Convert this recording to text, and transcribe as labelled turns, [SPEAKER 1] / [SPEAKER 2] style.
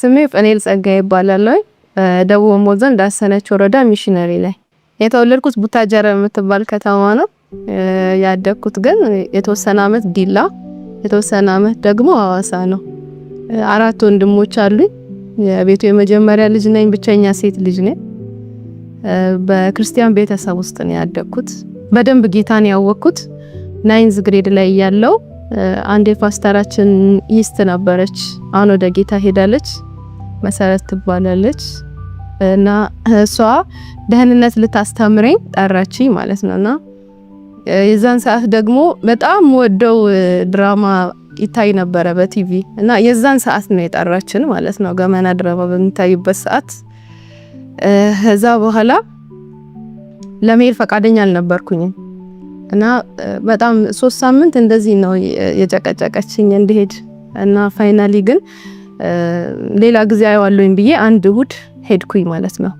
[SPEAKER 1] ስሜ ፈኔል ጸጋ ይባላል። ደቡብ ኦሞ ዞን ዳሰነች ወረዳ ሚሽነሪ ላይ የተወለድኩት ቡታጀራ የምትባል ከተማ ነው። ያደግኩት ግን የተወሰነ አመት ዲላ፣ የተወሰነ አመት ደግሞ ሀዋሳ ነው። አራት ወንድሞች አሉኝ። የቤቱ የመጀመሪያ ልጅ ነኝ። ብቸኛ ሴት ልጅ ነኝ። በክርስቲያን ቤተሰብ ውስጥ ነው ያደግኩት። በደንብ ጌታን ያወቅኩት ናይንዝ ግሬድ ላይ ያለው አንድ የፓስተራችን ይስት ነበረች። አሁን ወደ ጌታ ሄዳለች። መሰረት ትባላለች እና እሷ ደህንነት ልታስተምረኝ ጠራችኝ ማለት ነው። እና የዛን ሰዓት ደግሞ በጣም ወደው ድራማ ይታይ ነበረ በቲቪ እና የዛን ሰዓት ነው የጠራችን ማለት ነው። ገመና ድራማ በሚታይበት ሰዓት ከዛ በኋላ ለመሄድ ፈቃደኛ አልነበርኩኝም እና በጣም ሶስት ሳምንት እንደዚህ ነው የጨቀጨቀችኝ እንድሄድ እና ፋይናሊ ግን ሌላ ጊዜ አየዋለሁኝ ብዬ አንድ እሁድ ሄድኩኝ ማለት ነው።